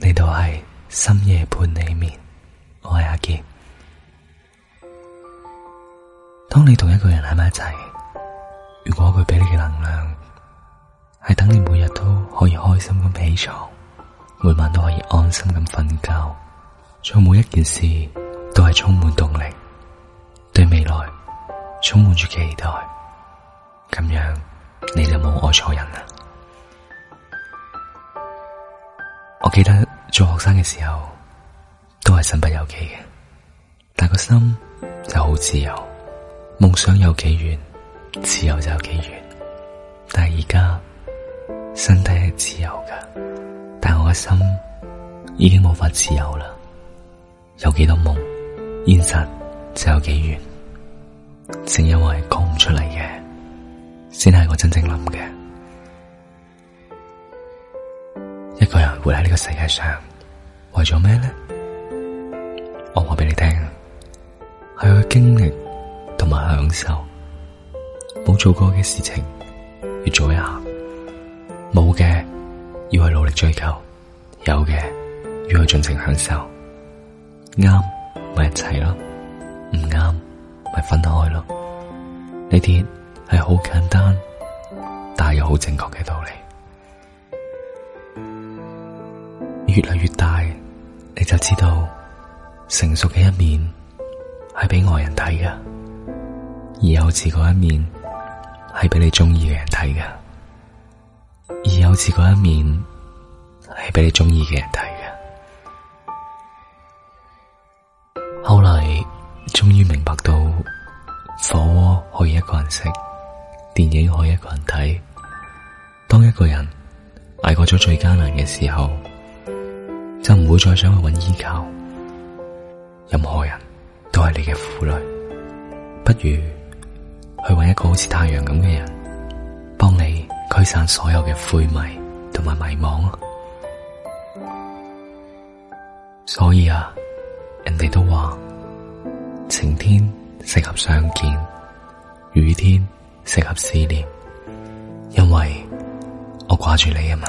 呢度係深夜伴你眠，我係阿杰。當你同一個人喺埋一齊，如果佢俾你嘅能量係等你每日都可以開心咁起床，每晚都可以安心咁瞓覺，做每一件事都係充滿動力，對未來充滿住期待，咁樣你就冇愛錯人啦。我記得做學生嘅時候，都係身不由己嘅，但個心就好自由。夢想有幾遠，自由就有幾遠。但係而家，身體係自由㗎，但我嘅心已經無法自由啦。有幾多夢，現實就有幾遠。正因為講唔出嚟嘅，先係我真正諗嘅。一個人活喺呢個世界上，為咗咩咧？我話俾你聽，係去經歷同埋享受。冇做過嘅事情，要做一下；冇嘅要去努力追求，有嘅要去盡情享受。啱咪一齊咯，唔啱咪分開咯。呢啲係好簡單，但又好正確嘅道理。越嚟越大，你就知道成熟嘅一面係俾外人睇嘅，而幼稚嗰一面係俾你中意嘅人睇嘅，而幼稚嗰一面係俾你中意嘅人睇嘅。後來，終於明白到，火鍋可以一個人食，電影可以一個人睇。當一個人挨過咗最艱難嘅時候。就唔會再想去揾依靠，任何人都係你嘅負累，不如去揾一個好似太陽咁嘅人，幫你驅散所有嘅灰霾同埋迷茫啊！所以啊，人哋都話晴天適合相見，雨天適合思念，因為我掛住你啊嘛。